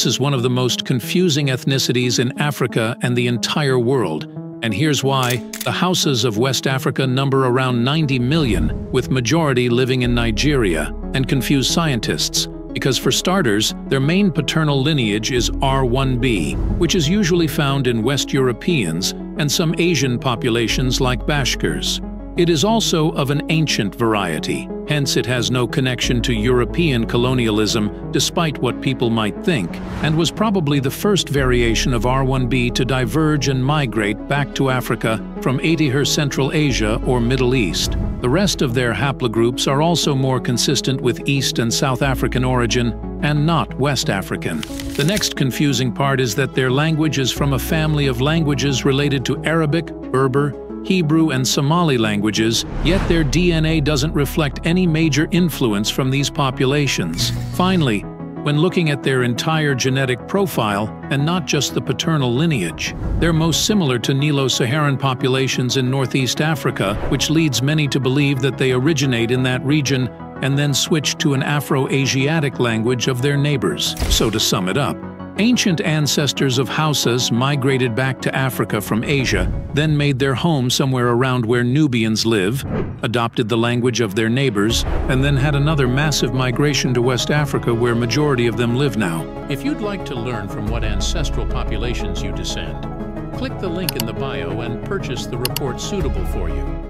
This is one of the most confusing ethnicities in Africa and the entire world, and here's why the Hausas of West Africa number around 90 million, with majority living in Nigeria, and confuse scientists, because for starters, their main paternal lineage is R1b, which is usually found in West Europeans and some Asian populations like Bashkirs. It is also of an ancient variety, hence it has no connection to European colonialism despite what people might think, and was probably the first variation of R1b to diverge and migrate back to Africa from Atiher Central Asia or Middle East. The rest of their haplogroups are also more consistent with East and South African origin and not West African. The next confusing part is that their language is from a family of languages related to Arabic, Berber, Hebrew, and Somali languages, yet their DNA doesn't reflect any major influence from these populations. Finally, when looking at their entire genetic profile and not just the paternal lineage. They're most similar to Nilo-Saharan populations in Northeast Africa, which leads many to believe that they originate in that region and then switch to an Afro-Asiatic language of their neighbors. So to sum it up, Ancient ancestors of Hausas migrated back to Africa from Asia, then made their home somewhere around where Nubians live, adopted the language of their neighbors, and then had another massive migration to West Africa where majority of them live now. If you'd like to learn from what ancestral populations you descend, click the link in the bio and purchase the report suitable for you.